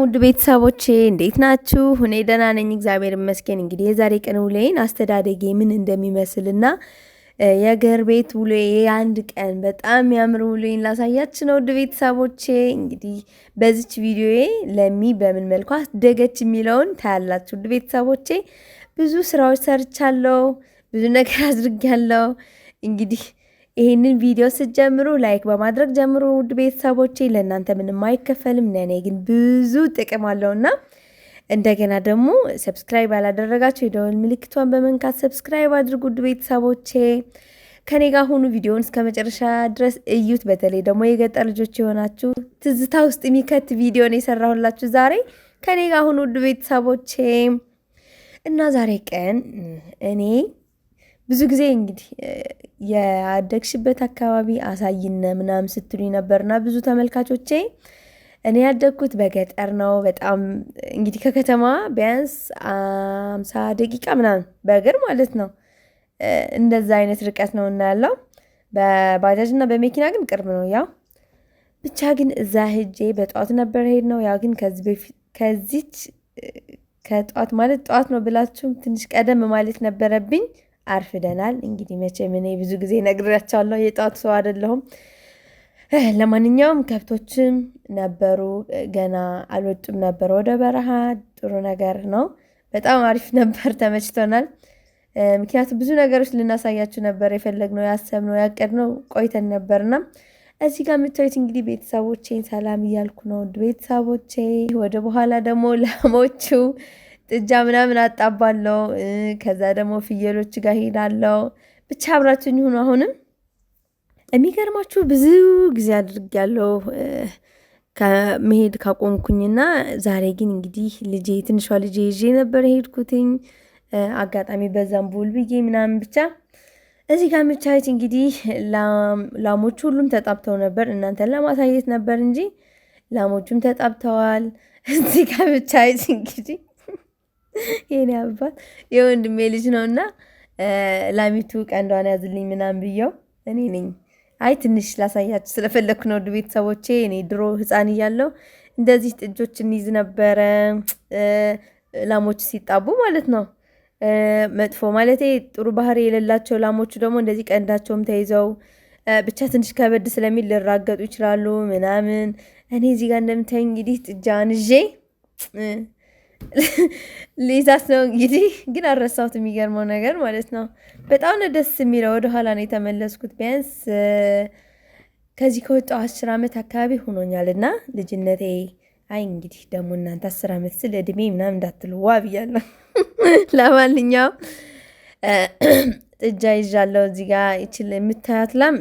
ውድ ቤተሰቦቼ እንዴት ናችሁ? እኔ ደህና ነኝ፣ እግዚአብሔር ይመስገን። እንግዲህ የዛሬ ቀን ውሎዬን አስተዳደጌ ምን እንደሚመስልና የገር ቤት ውሎዬ የአንድ ቀን በጣም የሚያምር ውሎዬን ላሳያች ነው። ውድ ቤተሰቦቼ እንግዲህ በዚች ቪዲዮዬ ለሚ በምን መልኩ አስደገች የሚለውን ታያላችሁ። ውድ ቤተሰቦቼ ብዙ ስራዎች ሰርቻለሁ፣ ብዙ ነገር አድርጊያለሁ እንግዲህ ይህንን ቪዲዮ ስትጀምሩ ላይክ በማድረግ ጀምሩ። ውድ ቤተሰቦቼ ለእናንተ ምንም አይከፈልም፣ ለእኔ ግን ብዙ ጥቅም አለውና እንደገና ደግሞ ሰብስክራይብ ያላደረጋቸው የደወል ምልክቷን በመንካት ሰብስክራይብ አድርጉ። ውድ ቤተሰቦቼ ከኔ ጋር ሁኑ፣ ቪዲዮውን እስከ መጨረሻ ድረስ እዩት። በተለይ ደግሞ የገጠር ልጆች የሆናችሁ ትዝታ ውስጥ የሚከት ቪዲዮ ነው የሰራሁላችሁ ዛሬ። ከኔ ጋር ሁኑ ውድ ቤተሰቦቼ እና ዛሬ ቀን እኔ ብዙ ጊዜ እንግዲህ የአደግሽበት አካባቢ አሳይነ ምናምን ስትሉኝ ነበርና ብዙ ተመልካቾቼ እኔ ያደግኩት በገጠር ነው። በጣም እንግዲህ ከከተማ ቢያንስ አምሳ ደቂቃ ምናምን በእግር ማለት ነው እንደዛ አይነት ርቀት ነው እና ያለው በባጃጅ እና በመኪና ግን ቅርብ ነው። ያው ብቻ ግን እዛ ህጄ በጠዋት ነበር ሄድ ነው። ያው ግን ከዚህ በፊት ከዚች ከጠዋት ማለት ጠዋት ነው ብላችሁም ትንሽ ቀደም ማለት ነበረብኝ። አርፍደናል። እንግዲህ መቼም እኔ ብዙ ጊዜ ነግሬያቸዋለሁ፣ የጠዋት ሰው አይደለሁም። ለማንኛውም ከብቶችም ነበሩ፣ ገና አልወጡም ነበር ወደ በረሃ። ጥሩ ነገር ነው። በጣም አሪፍ ነበር፣ ተመችቶናል። ምክንያቱም ብዙ ነገሮች ልናሳያችሁ ነበር የፈለግነው፣ ያሰብነው፣ ያቀድነው ቆይተን ነበርና እዚህ ጋር የምታዩት እንግዲህ ቤተሰቦቼን ሰላም እያልኩ ነው። ውድ ቤተሰቦቼ ወደ በኋላ ደግሞ ላሞቹ ጥጃ ምናምን አጣባለው። ከዛ ደግሞ ፍየሎች ጋር ሄዳለው። ብቻ አብራችን ይሁኑ። አሁንም የሚገርማችሁ ብዙ ጊዜ ያለው ከመሄድ ካቆምኩኝና ዛሬ ግን እንግዲህ ልጄ ትንሿ ልጄ ይዤ ነበር ሄድኩትኝ አጋጣሚ በዛም ቦል ብዬ ምናምን ብቻ እዚህ ጋር ምቻየት እንግዲህ ላሞቹ ሁሉም ተጣብተው ነበር። እናንተን ለማሳየት ነበር እንጂ ላሞቹም ተጣብተዋል። እዚህ ጋር ምቻየት እንግዲህ የኔ አባት የወንድሜ ልጅ ነው እና ላሚቱ ቀንዷን ያዝልኝ ምናምን ብየው እኔ ነኝ። አይ ትንሽ ላሳያችሁ ስለፈለግኩ ነው። ውድ ቤተሰቦቼ እኔ ድሮ ሕፃን እያለሁ እንደዚህ ጥጆች እንይዝ ነበረ። ላሞች ሲጣቡ ማለት ነው መጥፎ ማለት ጥሩ ባህሪ የሌላቸው ላሞቹ ደግሞ እንደዚህ ቀንዳቸውም ተይዘው ብቻ ትንሽ ከበድ ስለሚል ሊራገጡ ይችላሉ ምናምን። እኔ እዚህ ጋር እንደምታይ እንግዲህ ጥጃ አንዤ ሌዛት ነው እንግዲህ። ግን አረሳሁት የሚገርመው ነገር ማለት ነው። በጣም ነው ደስ የሚለው። ወደኋላ ነው የተመለስኩት። ቢያንስ ከዚህ ከወጣሁ አስር ዓመት አካባቢ ሆኖኛል እና ልጅነቴ አይ እንግዲህ ደግሞ እናንተ አስር ዓመት ስለ እድሜ ምናምን እንዳትሉ ዋ ብያለሁ። ለማንኛውም ጥጃ ይዣለሁ እዚህ ጋ ይችል የምታያት ላም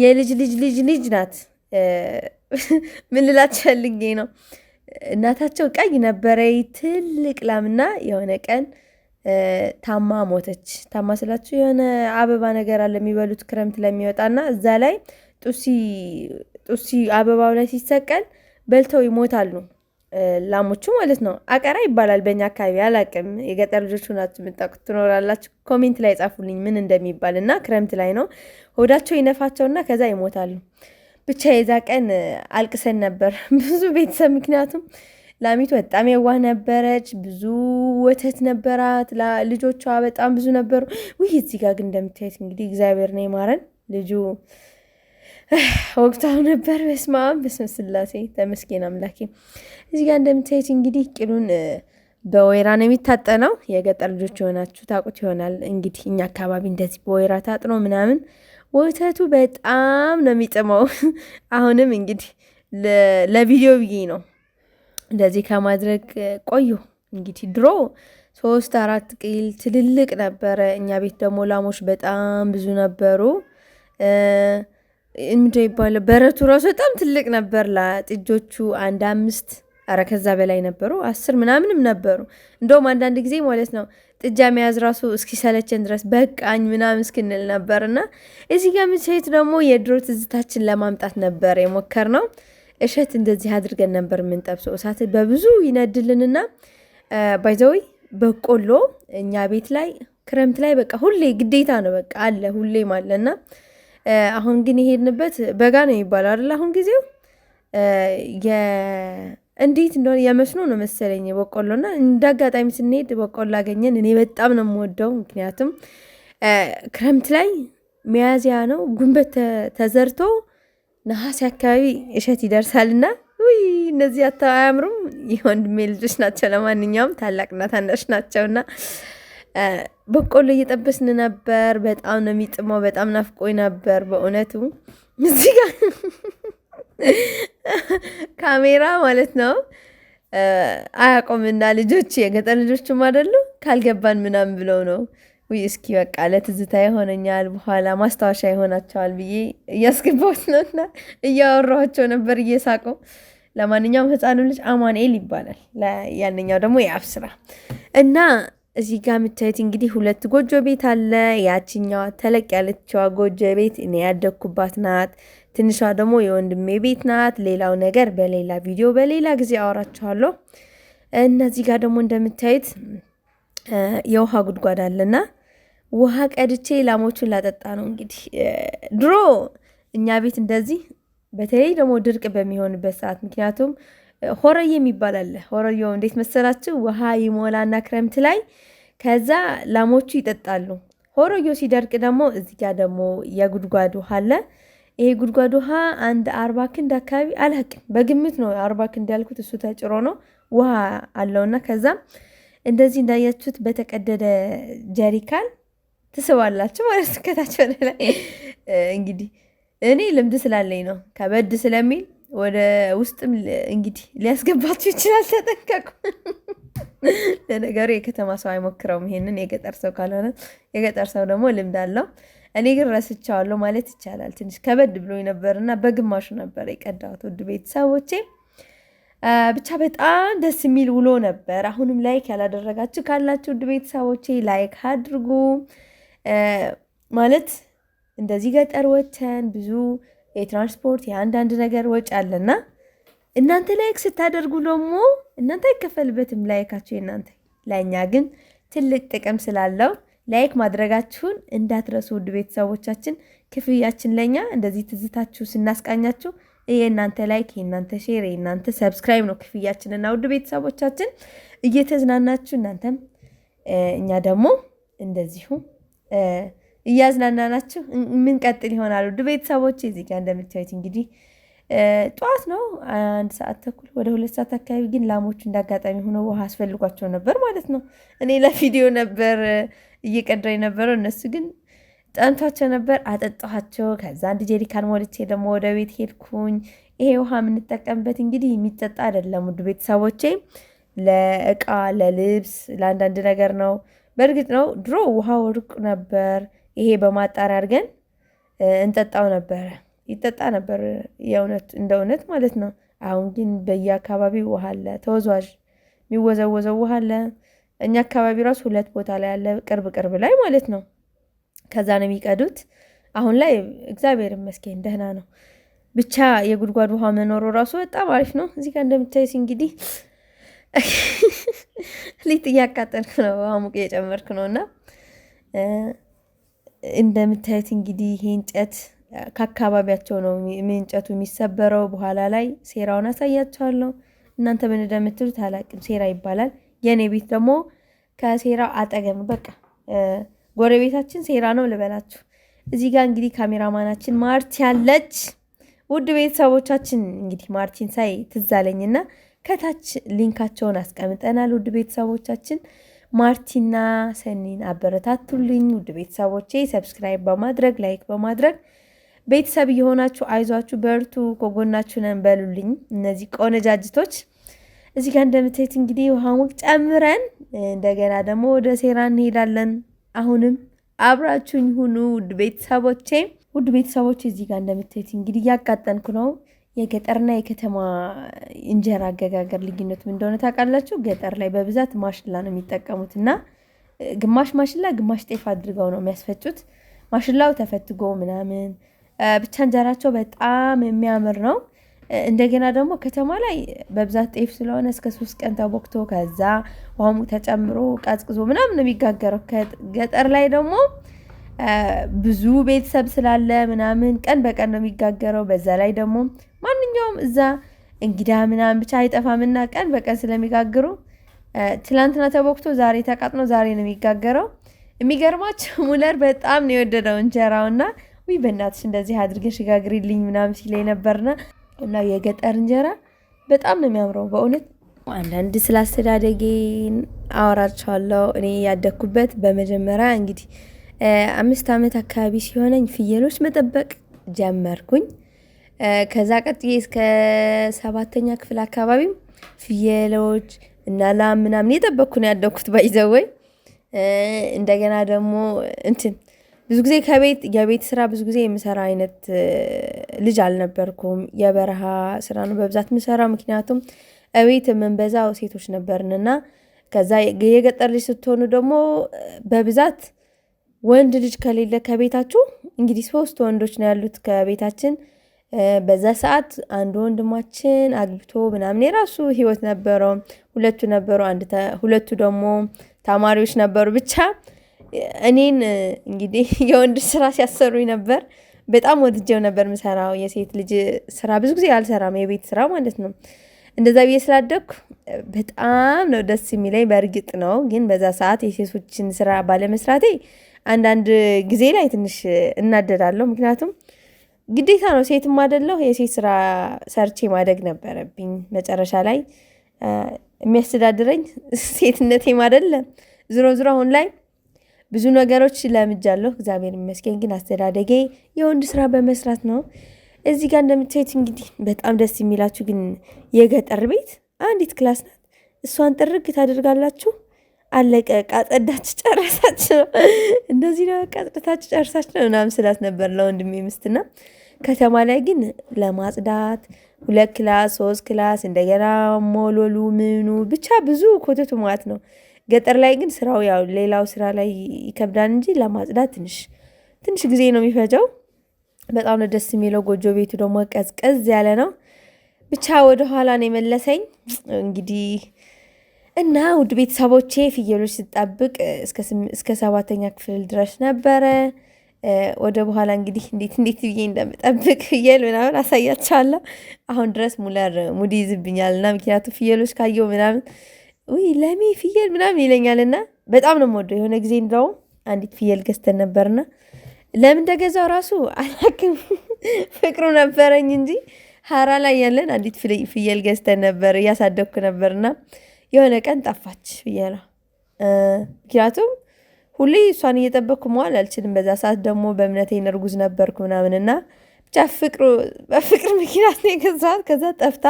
የልጅ ልጅ ልጅ ልጅ ናት። ምን ልላችሁ ፈልጌ ነው እናታቸው ቀይ ነበረ ትልቅ ላምና የሆነ ቀን ታማ ሞተች። ታማ ስላችሁ የሆነ አበባ ነገር አለ የሚበሉት ክረምት ለሚወጣና እዛ ላይ ጡሲ አበባው ላይ ሲሰቀል በልተው ይሞታሉ ላሞቹ ማለት ነው። አቀራ ይባላል በእኛ አካባቢ አላቅም። የገጠር ልጆች ሆናችሁ የምታውቁት ትኖራላችሁ። ኮሜንት ላይ ጻፉልኝ ምን እንደሚባል እና ክረምት ላይ ነው ሆዳቸው ይነፋቸውና ከዛ ይሞታሉ። ብቻ የዛ ቀን አልቅሰን ነበር ብዙ ቤተሰብ። ምክንያቱም ላሚቱ በጣም የዋህ ነበረች። ብዙ ወተት ነበራት። ልጆቿ በጣም ብዙ ነበሩ። ውይ እዚህ ጋር ግን እንደምታየት እንግዲህ እግዚአብሔር ነው የማረን። ልጁ ወቅታው ነበር። በስመ አብ በስመ ስላሴ ተመስገን አምላኬ። እዚህ ጋር እንደምታየት እንግዲህ ቂሉን በወይራ ነው የሚታጠነው። የገጠር ልጆች የሆናችሁ ታውቁት ይሆናል እንግዲህ እኛ አካባቢ እንደዚህ በወይራ ታጥኖ ምናምን ወተቱ በጣም ነው የሚጥመው። አሁንም እንግዲህ ለቪዲዮ ብዬ ነው እንደዚህ ከማድረግ ቆዩ። እንግዲህ ድሮ ሶስት አራት ቅል ትልልቅ ነበረ። እኛ ቤት ደግሞ ላሞች በጣም ብዙ ነበሩ። ምንድ ይባለው በረቱ ራሱ በጣም ትልቅ ነበር። ለጥጆቹ አንድ አምስት አረ ከዛ በላይ ነበሩ፣ አስር ምናምንም ነበሩ። እንደውም አንዳንድ ጊዜ ማለት ነው ጥጃ መያዝ ራሱ እስኪሰለችን ድረስ በቃኝ ምናምን እስክንል ነበር እና እዚህ ጋ ምሴት ደግሞ የድሮ ትዝታችን ለማምጣት ነበር የሞከር ነው። እሸት እንደዚህ አድርገን ነበር የምንጠብሰው። እሳት በብዙ ይነድልንና ባይዘወይ በቆሎ እኛ ቤት ላይ ክረምት ላይ በቃ ሁሌ ግዴታ ነው፣ በቃ አለ ሁሌ አለ እና አሁን ግን የሄድንበት በጋ ነው ይባላል አሁን ጊዜው እንዴት እንደሆነ የመስኖ ነው መሰለኝ በቆሎና እንደ አጋጣሚ ስንሄድ በቆሎ አገኘን። እኔ በጣም ነው የምወደው፣ ምክንያቱም ክረምት ላይ ሚያዝያ ነው ጉንበት ተዘርቶ ነሐሴ አካባቢ እሸት ይደርሳልና ውይ እነዚህ አያምሩም? የወንድሜ ልጆች ናቸው። ለማንኛውም ታላቅና ታናሽ ናቸው ናቸውና በቆሎ እየጠበስን ነበር። በጣም ነው የሚጥመው። በጣም ናፍቆኝ ነበር በእውነቱ እዚህ ጋር ካሜራ ማለት ነው አያቆምና ልጆች የገጠር ልጆችም አይደሉ ካልገባን ምናምን ብለው ነው ውይ እስኪ በቃ ለትዝታ ይሆነኛል በኋላ ማስታወሻ ይሆናቸዋል ብዬ እያስገባት ነውና እያወራኋቸው ነበር እየሳቁ ለማንኛውም ህፃኑ ልጅ አማንኤል ይባላል ያንኛው ደግሞ የአፍ ስራ እና እዚህ ጋር የምታዩት እንግዲህ ሁለት ጎጆ ቤት አለ ያችኛዋ ተለቅ ያለችዋ ጎጆ ቤት እኔ ያደግኩባት ናት ትንሿ ደግሞ የወንድሜ ቤት ናት። ሌላው ነገር በሌላ ቪዲዮ በሌላ ጊዜ አወራችኋለሁ። እነዚህ ጋር ደግሞ እንደምታዩት የውሃ ጉድጓድ አለና ውሃ ቀድቼ ላሞቹን ላጠጣ ነው። እንግዲህ ድሮ እኛ ቤት እንደዚህ በተለይ ደግሞ ድርቅ በሚሆንበት ሰዓት ምክንያቱም ሆረዬ የሚባል አለ። ሆረዮ እንዴት መሰላችሁ? ውሃ ይሞላና ክረምት ላይ ከዛ ላሞቹ ይጠጣሉ። ሆረዮ ሲደርቅ ደግሞ እዚጋ ደግሞ የጉድጓድ ውሃ አለ። ይሄ ጉድጓድ ውሃ አንድ አርባ ክንድ አካባቢ አላቅም፣ በግምት ነው አርባ ክንድ ያልኩት። እሱ ተጭሮ ነው ውሃ አለውና ከዛም እንደዚህ እንዳያችሁት በተቀደደ ጀሪካን ትስባላችሁ ማለት ከታች ወደ ላይ እንግዲህ እኔ ልምድ ስላለኝ ነው። ከበድ ስለሚል ወደ ውስጥም እንግዲህ ሊያስገባችሁ ይችላል። ተጠንቀቁ። ለነገሩ የከተማ ሰው አይሞክረውም ይሄንን የገጠር ሰው ካልሆነ የገጠር ሰው ደግሞ ልምድ አለው። እኔ ግን ረስቻዋለሁ ማለት ይቻላል። ትንሽ ከበድ ብሎ ነበር እና በግማሹ ነበር የቀዳሁት። ውድ ቤተሰቦቼ ብቻ በጣም ደስ የሚል ውሎ ነበር። አሁንም ላይክ ያላደረጋችሁ ካላችሁ ውድ ቤተሰቦቼ ላይክ አድርጉ። ማለት እንደዚህ ገጠር ወተን ብዙ የትራንስፖርት የአንዳንድ ነገር ወጪ አለና እናንተ ላይክ ስታደርጉ ደግሞ እናንተ አይከፈልበትም ላይካቸው የእናንተ ለእኛ ግን ትልቅ ጥቅም ስላለው ላይክ ማድረጋችሁን እንዳትረሱ ውድ ቤተሰቦቻችን። ክፍያችን ለእኛ እንደዚህ ትዝታችሁ ስናስቃኛችሁ የእናንተ ላይክ፣ የእናንተ ሼር፣ የእናንተ ሰብስክራይብ ነው ክፍያችንና ውድ ቤተሰቦቻችን እየተዝናናችሁ እናንተም እኛ ደግሞ እንደዚሁ እያዝናናናችሁ የምንቀጥል ይሆናል። ውድ ቤተሰቦች እዚህ ጋር እንደምታዩት እንግዲህ ጠዋት ነው አንድ ሰዓት ተኩል ወደ ሁለት ሰዓት አካባቢ ግን ላሞቹ እንዳጋጣሚ ሆኖ ውሃ አስፈልጓቸው ነበር ማለት ነው። እኔ ለቪዲዮ ነበር እየቀዳ የነበረው እነሱ ግን ጠንቷቸው ነበር። አጠጣኋቸው። ከዛ አንድ ጀሪካን ሞልቼ ደግሞ ወደ ቤት ሄድኩኝ። ይሄ ውሃ የምንጠቀምበት እንግዲህ የሚጠጣ አይደለም ውድ ቤተሰቦቼ፣ ለእቃ ለልብስ፣ ለአንዳንድ ነገር ነው። በእርግጥ ነው ድሮ ውሃ ወርቅ ነበር። ይሄ በማጣሪያ አድርገን እንጠጣው ነበረ፣ ይጠጣ ነበር የእውነት እንደ እውነት ማለት ነው። አሁን ግን በየአካባቢ ውሃ አለ፣ ተወዛዋዥ የሚወዘወዘው ውሃ አለ። እኛ አካባቢ ራሱ ሁለት ቦታ ላይ ያለ ቅርብ ቅርብ ላይ ማለት ነው። ከዛ ነው የሚቀዱት። አሁን ላይ እግዚአብሔር ይመስገን ደህና ነው። ብቻ የጉድጓድ ውሃ መኖሩ ራሱ በጣም አሪፍ ነው። እዚህ ጋር እንደምታዩት እንግዲህ ሊጥ እያቃጠልክ ነው፣ ውሃ ሙቅ እየጨመርክ ነው። እና እንደምታዩት እንግዲህ ይሄ እንጨት ከአካባቢያቸው ነው እንጨቱ የሚሰበረው። በኋላ ላይ ሴራውን አሳያቸዋለሁ። እናንተ ምን እንደምትሉት አላቅም። ሴራ ይባላል። የእኔ ቤት ደግሞ ከሴራ አጠገብ ነው። በቃ ጎረቤታችን ሴራ ነው ልበላችሁ። እዚህ ጋር እንግዲህ ካሜራማናችን ማርቲ ያለች ውድ ቤተሰቦቻችን እንግዲህ ማርቲን ሳይ ትዛለኝና ከታች ሊንካቸውን አስቀምጠናል። ውድ ቤተሰቦቻችን ማርቲና ሰኒን አበረታቱልኝ። ውድ ቤተሰቦቼ ሰብስክራይብ በማድረግ ላይክ በማድረግ ቤተሰብ እየሆናችሁ አይዟችሁ፣ በርቱ፣ ከጎናችሁ ነን በሉልኝ እነዚህ ቆነጃጅቶች እዚህ ጋር እንደምታዩት እንግዲህ ውሃውን ጨምረን እንደገና ደግሞ ወደ ሴራ እንሄዳለን። አሁንም አብራችሁኝ ሁኑ ውድ ቤተሰቦቼ። ውድ ቤተሰቦች እዚህ ጋር እንደምታዩት እንግዲህ እያቃጠንኩ ነው። የገጠርና የከተማ እንጀራ አገጋገር ልዩነት ምን እንደሆነ ታውቃላችሁ? ገጠር ላይ በብዛት ማሽላ ነው የሚጠቀሙት እና ግማሽ ማሽላ ግማሽ ጤፍ አድርገው ነው የሚያስፈጩት። ማሽላው ተፈትጎ ምናምን ብቻ እንጀራቸው በጣም የሚያምር ነው። እንደገና ደግሞ ከተማ ላይ በብዛት ጤፍ ስለሆነ እስከ ሶስት ቀን ተቦክቶ ከዛ ውሃሙ ተጨምሮ ቀዝቅዞ ምናምን ነው የሚጋገረው። ገጠር ላይ ደግሞ ብዙ ቤተሰብ ስላለ ምናምን ቀን በቀን ነው የሚጋገረው። በዛ ላይ ደግሞ ማንኛውም እዛ እንግዳ ምናምን ብቻ አይጠፋምና ቀን በቀን ስለሚጋግሩ ትላንትና ተቦክቶ ዛሬ ተቃጥኖ ዛሬ ነው የሚጋገረው። የሚገርማቸው ሙለር በጣም ነው የወደደው እንጀራውና፣ ውይ በእናትሽ እንደዚህ አድርገሽ ጋግሪልኝ ምናምን ሲለኝ ነበርና እና የገጠር እንጀራ በጣም ነው የሚያምረው በእውነት። አንዳንድ ስለ አስተዳደጌን አወራቸዋለሁ። እኔ ያደግኩበት በመጀመሪያ እንግዲህ አምስት ዓመት አካባቢ ሲሆነኝ ፍየሎች መጠበቅ ጀመርኩኝ። ከዛ ቀጥዬ እስከ ሰባተኛ ክፍል አካባቢም ፍየሎች እና ላም ምናምን የጠበቅኩ ነው ያደግኩት። ባይዘወይ እንደገና ደግሞ እንትን ብዙ ጊዜ ከቤት የቤት ስራ ብዙ ጊዜ የምሰራ አይነት ልጅ አልነበርኩም። የበረሃ ስራ ነው በብዛት የምሰራው፣ ምክንያቱም እቤት የምንበዛው ሴቶች ነበርንና ከዛ የገጠር ልጅ ስትሆኑ ደግሞ በብዛት ወንድ ልጅ ከሌለ ከቤታችሁ እንግዲህ ሶስት ወንዶች ነው ያሉት ከቤታችን በዛ ሰዓት አንድ ወንድማችን አግብቶ ምናምን የራሱ ህይወት ነበረው። ሁለቱ ነበሩ፣ ሁለቱ ደግሞ ተማሪዎች ነበሩ ብቻ እኔን እንግዲህ የወንድ ስራ ሲያሰሩኝ ነበር። በጣም ወድጀው ነበር ምሰራው። የሴት ልጅ ስራ ብዙ ጊዜ አልሰራም፣ የቤት ስራ ማለት ነው። እንደዛ ብዬ ስላደግኩ በጣም ነው ደስ የሚለኝ። በእርግጥ ነው ግን በዛ ሰዓት የሴቶችን ስራ ባለመስራቴ አንዳንድ ጊዜ ላይ ትንሽ እናደዳለሁ። ምክንያቱም ግዴታ ነው፣ ሴትም አይደለሁ። የሴት ስራ ሰርቼ ማደግ ነበረብኝ። መጨረሻ ላይ የሚያስተዳድረኝ ሴትነቴም አይደለም። ዝሮ ዝሮ አሁን ላይ ብዙ ነገሮች ለምጃለሁ፣ እግዚአብሔር ይመስገን። ግን አስተዳደጌ የወንድ ስራ በመስራት ነው። እዚህ ጋር እንደምታዩት እንግዲህ በጣም ደስ የሚላችሁ ግን የገጠር ቤት አንዲት ክላስ ናት። እሷን ጥርግ ታደርጋላችሁ። አለቀ። ቃጸዳች ጨረሳች ነው እንደዚህ ነው። ቃጸዳች ጨርሳች ነው ምናምን ስላት ነበር ለወንድሜ ምስትና ከተማ ላይ ግን ለማጽዳት ሁለት ክላስ ሶስት ክላስ እንደገና ሞሎሉ ምኑ ብቻ ብዙ ኮተቱ ማለት ነው። ገጠር ላይ ግን ስራው ያው ሌላው ስራ ላይ ይከብዳል እንጂ ለማጽዳት ትንሽ ትንሽ ጊዜ ነው የሚፈጀው። በጣም ነው ደስ የሚለው። ጎጆ ቤቱ ደግሞ ቀዝቀዝ ያለ ነው። ብቻ ወደ ኋላ ነው የመለሰኝ እንግዲህ እና ውድ ቤተሰቦቼ ፍየሎች ስጠብቅ እስከ ሰባተኛ ክፍል ድረስ ነበረ። ወደ በኋላ እንግዲህ እንዴት እንዴት ብዬ እንደምጠብቅ ፍየል ምናምን አሳያችኋለሁ። አሁን ድረስ ሙለር ሙድ ይዝብኛል እና ምክንያቱም ፍየሎች ካየው ምናምን ውይ ለሚ ፍየል ምናምን ይለኛልና በጣም ነው የምወደው። የሆነ ጊዜ እንደውም አንዲት ፍየል ገዝተን ነበርና ለምን እንደገዛው ራሱ አላክም ፍቅሩ ነበረኝ እንጂ ሀራ ላይ ያለን አንዲት ፍየል ገዝተን ነበር እያሳደግኩ ነበርና የሆነ ቀን ጠፋች ፍየላ። ምክንያቱም ሁሌ እሷን እየጠበቅኩ መዋል አልችልም። በዛ ሰዓት ደግሞ በእምነቴ እርጉዝ ነበርኩ ምናምንና ብቻ በፍቅር ምክንያት ነው የገዛኋት። ከዛ ጠፍታ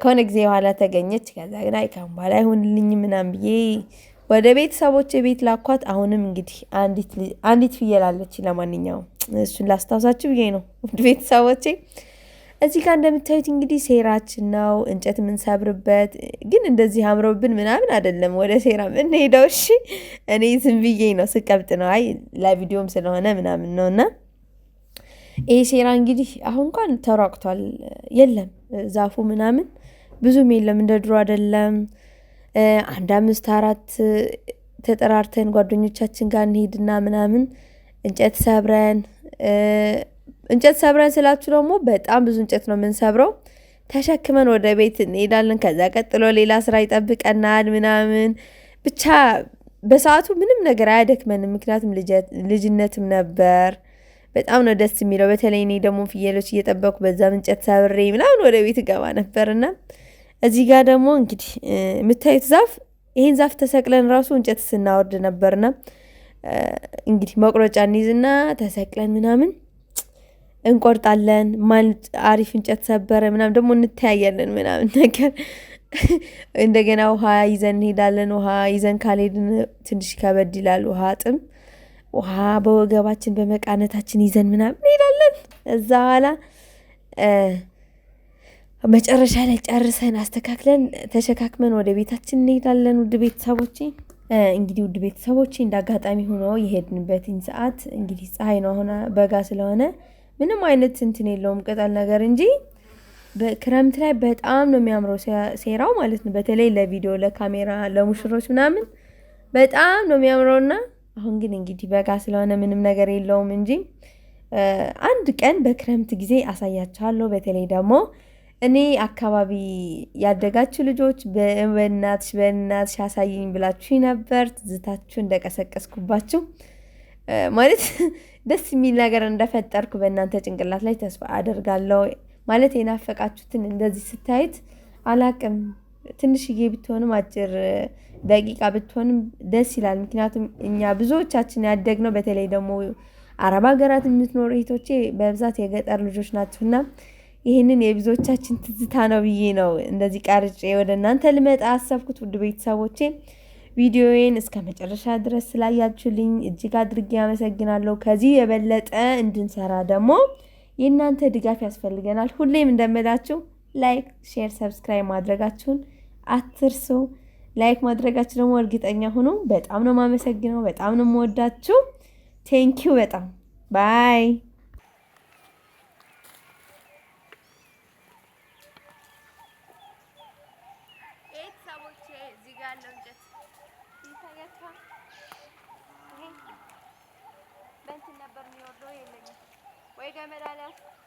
ከሆነ ጊዜ በኋላ ተገኘች። ከዛ ግን አይካም በኋላ አይሆንልኝ ምናም ብዬ ወደ ቤተሰቦች ቤት ላኳት። አሁንም እንግዲህ አንዲት ፍየል አለች። ለማንኛውም እሱን ላስታውሳችሁ ብዬ ነው ውድ ቤተሰቦቼ። እዚህ ጋር እንደምታዩት እንግዲህ ሴራችን ነው እንጨት የምንሰብርበት፣ ግን እንደዚህ አምሮብን ምናምን አይደለም። ወደ ሴራ የምንሄደው እሺ፣ እኔ ዝም ብዬ ነው ስቀብጥ ነው። አይ ለቪዲዮም ስለሆነ ምናምን ነው እና ይሄ ሴራ እንግዲህ አሁን እንኳን ተሯቅቷል። የለም ዛፉ ምናምን ብዙም የለም፣ እንደ ድሮ አይደለም። አንድ አምስት አራት ተጠራርተን ጓደኞቻችን ጋር እንሄድና ምናምን እንጨት ሰብረን እንጨት ሰብረን ስላችሁ ደግሞ በጣም ብዙ እንጨት ነው የምንሰብረው። ተሸክመን ወደ ቤት እንሄዳለን። ከዛ ቀጥሎ ሌላ ስራ ይጠብቀናል ምናምን ብቻ በሰዓቱ ምንም ነገር አያደክመንም። ምክንያቱም ልጅነትም ነበር። በጣም ነው ደስ የሚለው። በተለይ እኔ ደግሞ ፍየሎች እየጠበኩ በዛም እንጨት ሰብሬ ምናምን ወደ ቤት ገባ ነበርና እዚህ ጋር ደግሞ እንግዲህ የምታዩት ዛፍ ይህን ዛፍ ተሰቅለን ራሱ እንጨት ስናወርድ ነበርና እንግዲህ መቁረጫ እንይዝና ተሰቅለን ምናምን እንቆርጣለን። ማን አሪፍ እንጨት ሰበረ ምናምን ደግሞ እንተያያለን ምናምን ነገር እንደገና ውሃ ይዘን እንሄዳለን። ውሃ ይዘን ካልሄድን ትንሽ ከበድ ይላል ውሃ ጥም ውሃ በወገባችን በመቃነታችን ይዘን ምናምን እንሄዳለን። እዛ በኋላ መጨረሻ ላይ ጨርሰን አስተካክለን ተሸካክመን ወደ ቤታችን እንሄዳለን። ውድ ቤተሰቦች እንግዲህ ውድ ቤተሰቦች እንደ አጋጣሚ ሆኖ የሄድንበትን ሰዓት እንግዲህ ፀሐይ ነው። አሁን በጋ ስለሆነ ምንም አይነት እንትን የለውም ቅጠል ነገር እንጂ ክረምት ላይ በጣም ነው የሚያምረው ሴራው ማለት ነው። በተለይ ለቪዲዮ፣ ለካሜራ፣ ለሙሽሮች ምናምን በጣም ነው የሚያምረውና አሁን ግን እንግዲህ በጋ ስለሆነ ምንም ነገር የለውም እንጂ አንድ ቀን በክረምት ጊዜ አሳያችኋለሁ። በተለይ ደግሞ እኔ አካባቢ ያደጋችሁ ልጆች በእናትሽ በእናትሽ አሳይኝ ብላችሁ ነበር። ትዝታችሁ እንደቀሰቀስኩባችሁ ማለት ደስ የሚል ነገር እንደፈጠርኩ በእናንተ ጭንቅላት ላይ ተስፋ አደርጋለሁ። ማለት የናፈቃችሁትን እንደዚህ ስታዩት አላቅም ትንሽዬ ብትሆንም አጭር ደቂቃ ብትሆንም ደስ ይላል። ምክንያቱም እኛ ብዙዎቻችን ያደግነው በተለይ ደግሞ አረብ ሀገራት የምትኖሩ እህቶቼ በብዛት የገጠር ልጆች ናችሁና ይህንን የብዙዎቻችን ትዝታ ነው ብዬ ነው እንደዚህ ቀርጬ ወደ እናንተ ልመጣ አሰብኩት። ውድ ቤተሰቦቼ ቪዲዮዬን እስከ መጨረሻ ድረስ ስላያችሁልኝ እጅግ አድርጌ አመሰግናለሁ። ከዚህ የበለጠ እንድንሰራ ደግሞ የእናንተ ድጋፍ ያስፈልገናል። ሁሌም እንደምላችሁ ላይክ፣ ሼር፣ ሰብስክራይብ ማድረጋችሁን አትርሱ። ላይክ ማድረጋችሁ ደግሞ እርግጠኛ ሁኑ። በጣም ነው የማመሰግነው። በጣም ነው የምወዳችሁ። ቴንኪው በጣም ባይ ወይ ገመድ አለ